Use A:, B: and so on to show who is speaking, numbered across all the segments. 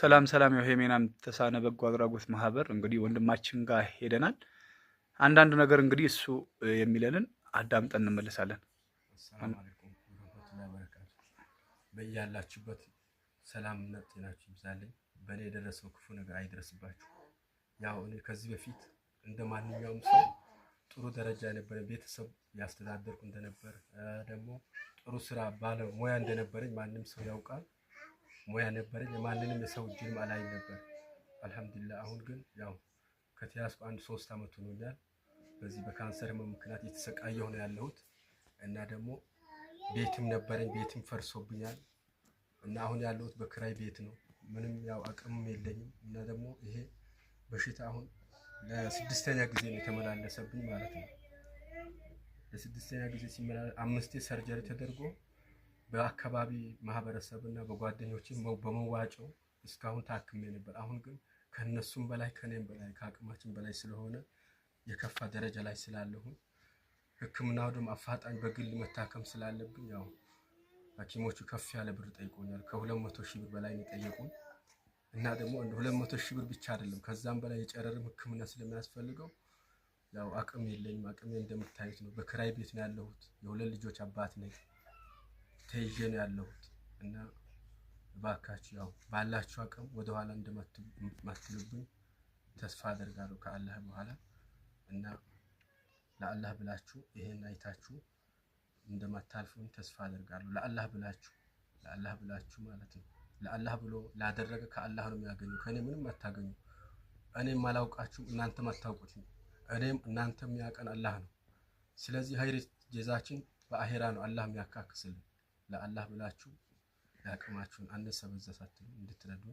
A: ሰላም ሰላም፣ ያው ሄሜናም ተሳነ በጎ አድራጎት ማህበር እንግዲህ ወንድማችን ጋር ሄደናል። አንዳንድ ነገር እንግዲህ እሱ የሚለንን አዳምጠን እንመለሳለን።
B: ሰላም አለይኩም ወራህመቱላሂ ወበረካቱ። በያላችሁበት ጤናችሁ በእኔ የደረሰው ክፉ ነገር አይደረስባችሁ። ያው እኔ ከዚህ በፊት እንደ ማንኛውም ሰው ጥሩ ደረጃ የነበረ ቤተሰብ ያስተዳደርኩ እንደነበር ደግሞ ጥሩ ስራ ባለሙያ እንደነበረኝ ማንም ሰው ያውቃል። ሙያ ነበረ። የማንንም የሰው እጅንም አላይ ነበር። አልሐምዱሊላህ አሁን ግን ያው ከተያዝኩ አንድ ሶስት አመት ሆኖኛል። በዚህ በካንሰር ምክንያት እየተሰቃየሁ ነው ያለሁት እና ደግሞ ቤትም ነበረኝ ቤትም ፈርሶብኛል እና አሁን ያለሁት በክራይ ቤት ነው። ምንም ያው አቅምም የለኝም እና ደግሞ ይሄ በሽታ አሁን ለስድስተኛ ጊዜ ነው የተመላለሰብኝ ማለት ነው። ለስድስተኛ ጊዜ ሲመላለስ አምስቴ ሰርጀሪ ተደርጎ በአካባቢ ማህበረሰብና በጓደኞች በመዋጮ እስካሁን ታክሜ ነበር። አሁን ግን ከነሱም በላይ ከኔም በላይ ከአቅማችን በላይ ስለሆነ የከፋ ደረጃ ላይ ስላለሁ ሕክምናው ደግሞ አፋጣኝ በግል መታከም ስላለብኝ ያው ሐኪሞቹ ከፍ ያለ ብር ጠይቆኛል። ከሁለት መቶ ሺህ ብር በላይ የጠየቁን እና ደግሞ ሁለት መቶ ሺህ ብር ብቻ አይደለም ከዛም በላይ የጨረርም ሕክምና ስለሚያስፈልገው ያው አቅም የለኝም። አቅሜ እንደምታዩት ነው። በክራይ ቤት ነው ያለሁት። የሁለት ልጆች አባት ነኝ። ተይዤ ነው ያለሁት እና እባካችሁ ያው ባላችሁ አቅም ወደኋላ እንደማትሉብኝ ተስፋ አደርጋለሁ ከአላህ በኋላ እና ለአላህ ብላችሁ ይሄን አይታችሁ እንደማታልፉኝ ተስፋ አደርጋለሁ። ለአላህ ብላችሁ ለአላህ ብላችሁ ማለት ነው። ለአላህ ብሎ ላደረገ ከአላህ ነው የሚያገኙ። ከእኔ ምንም አታገኙ። እኔም አላውቃችሁ እናንተም አታውቁት እኔም እናንተም የሚያቀን አላህ ነው። ስለዚህ ሀይር ጀዛችን በአሄራ ነው አላህ የሚያካክስልን። ለአላህ ብላችሁ የአቅማችሁን አነሰበዛ ሳትሉ እንድትረዱ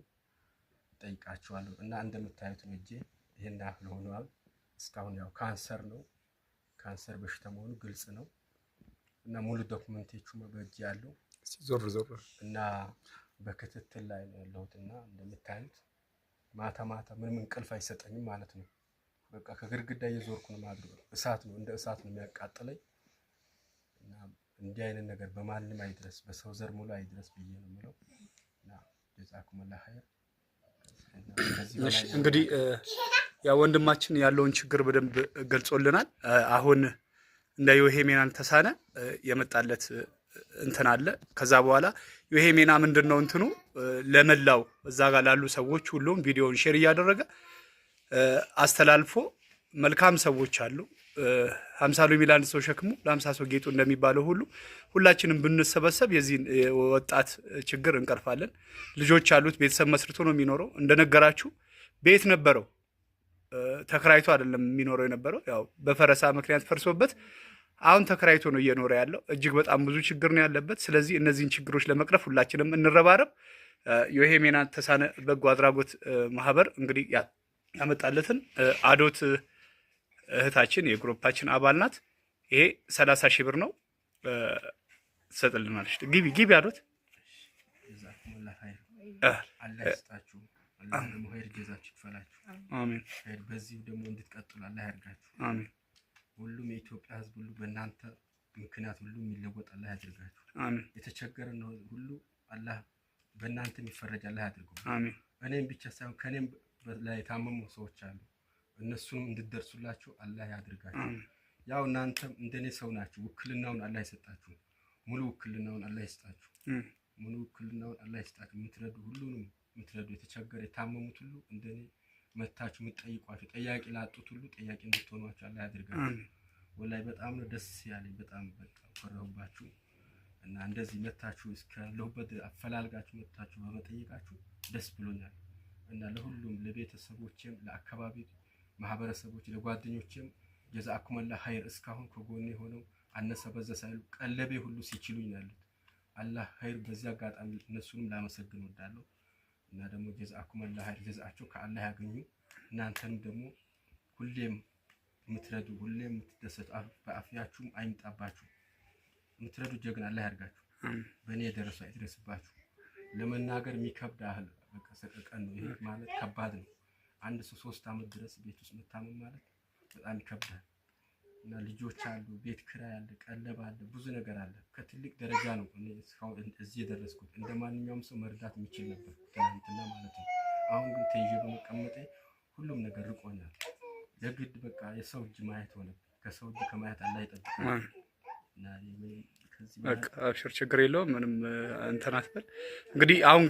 B: ጠይቃችኋለሁ። እና እንደምታዩት ነው እጄ ይህን ያህል ሆኗል። እስካሁን ያው ካንሰር ነው ካንሰር በሽታ መሆኑ ግልጽ ነው። እና ሙሉ ዶክመንቴቹ በእጅ ያለው ዞር ዞር እና በክትትል ላይ ነው ያለሁት። እና እንደምታዩት ማታ ማታ ምንም እንቅልፍ አይሰጠኝም ማለት ነው። በቃ ከግድግዳ እየዞርኩ ነው ማድረግ እሳት ነው እንደ እሳት ነው የሚያቃጥለኝ። እና እንዲህ አይነት ነገር በማንም አይድረስ፣ በሰው ዘር ሙሉ አይድረስ ብዬ ነው የምለው። ጀዛኩሙላህ ኸይር።
A: እንግዲህ ያ ወንድማችን ያለውን ችግር በደንብ ገልጾልናል። አሁን እንደ ዮሄሜናን ተሳነ የመጣለት እንትን አለ። ከዛ በኋላ ዮሄሜና ሜና ምንድን ነው እንትኑ ለመላው እዛ ጋር ላሉ ሰዎች ሁሉም ቪዲዮውን ሼር እያደረገ አስተላልፎ መልካም ሰዎች አሉ ሀምሳ ሎሚ ለአንድ ሰው ሸክሙ ለሀምሳ ሰው ጌጡ እንደሚባለው ሁሉ ሁላችንም ብንሰበሰብ የዚህን ወጣት ችግር እንቀርፋለን። ልጆች አሉት፣ ቤተሰብ መስርቶ ነው የሚኖረው። እንደነገራችሁ ቤት ነበረው፣ ተከራይቶ አይደለም የሚኖረው የነበረው ያው በፈረሳ ምክንያት ፈርሶበት አሁን ተከራይቶ ነው እየኖረ ያለው። እጅግ በጣም ብዙ ችግር ነው ያለበት። ስለዚህ እነዚህን ችግሮች ለመቅረፍ ሁላችንም እንረባረብ። የሄሜና ተሳነ በጎ አድራጎት ማህበር እንግዲህ ያመጣለትን አዶት እህታችን የግሩፓችን አባል ናት። ይሄ ሰላሳ ሺህ ብር ነው ትሰጥልናለች። ግቢ ግቢ አሉት።
B: በዚህ ደግሞ እንድትቀጥሉ አላህ ያድርጋችሁ። ሁሉም የኢትዮጵያ ሕዝብ ሁሉ በእናንተ ምክንያት ሁሉ የሚለወጥ አላህ ያድርጋችሁ። የተቸገረ ነው ሁሉ አላህ በእናንተ የሚፈረጅ አላህ ያድርገው። እኔም ብቻ ሳይሆን ከእኔም ላይ የታመሙ ሰዎች አሉ እነሱንም እንድደርሱላችሁ አላህ ያድርጋችሁ። ያው እናንተም እንደኔ ሰው ናችሁ። ውክልናውን አላህ ይሰጣችሁ። ሙሉ ውክልናውን አላህ ይስጣችሁ። ሙሉ ውክልናውን አላህ ይስጣችሁ። የምትረዱ ሁሉንም የምትረዱ የተቸገረ የታመሙት ሁሉ እንደኔ መታችሁ የምትጠይቋቸው ጠያቂ ላጡት ሁሉ ጠያቂ እንድትሆኗቸው አላህ ያድርጋችሁ። ወላይ በጣም ነው ደስ ያለኝ። በጣም በቃ ኮራሁባችሁ እና እንደዚህ መታችሁ እስካለሁበት አፈላልጋችሁ መታችሁ በመጠየቃችሁ ደስ ብሎኛል እና ለሁሉም ለቤተሰቦቼም ለአካባቢ ማህበረሰቦች ለጓደኞችም ጀዛአኩመላ ሀይር እስካሁን ከጎኔ የሆነው አነሰ በዛ ሳይሉ ቀለቤ ሁሉ ሲችሉኝ ያሉት አላህ ሀይር። በዚህ አጋጣሚ እነሱንም ላመሰግን ወዳለሁ እና ደግሞ ጀዛአኩመላ ሀይር ጀዛአቸው ከአላህ ያገኙ። እናንተንም ደግሞ ሁሌም የምትረዱ ሁሌም የምትደሰቱ በአፍያችሁም አይምጣባችሁ የምትረዱ ጀግና አላህ ያርጋችሁ። በእኔ የደረሰ አይድረስባችሁ። ለመናገር የሚከብድ አህል በቃ ሰቀቀን ነው። ማለት ከባድ ነው። አንድ ሰው ሶስት አመት ድረስ ቤት ውስጥ መታመም ማለት በጣም ይከብዳል እና ልጆች አሉ፣ ቤት ክራይ አለ፣ ቀለብ አለ፣ ብዙ ነገር አለ። ከትልቅ ደረጃ ነው እኔ እስካሁን እዚህ የደረስኩት። እንደ ማንኛውም ሰው መርዳት የሚችል ነበር ትናንትና ማለት ነው። አሁን ግን ተይዤ በመቀመጤ ሁሉም ነገር ርቆኛል። ለግድ በቃ የሰው እጅ ማየት ሆነ። ከሰው እጅ ከማየት አላህ ይጠብቃል።
A: በቃ አብሽር፣ ችግር የለውም ምንም እንትን አትበል እንግዲህ አሁን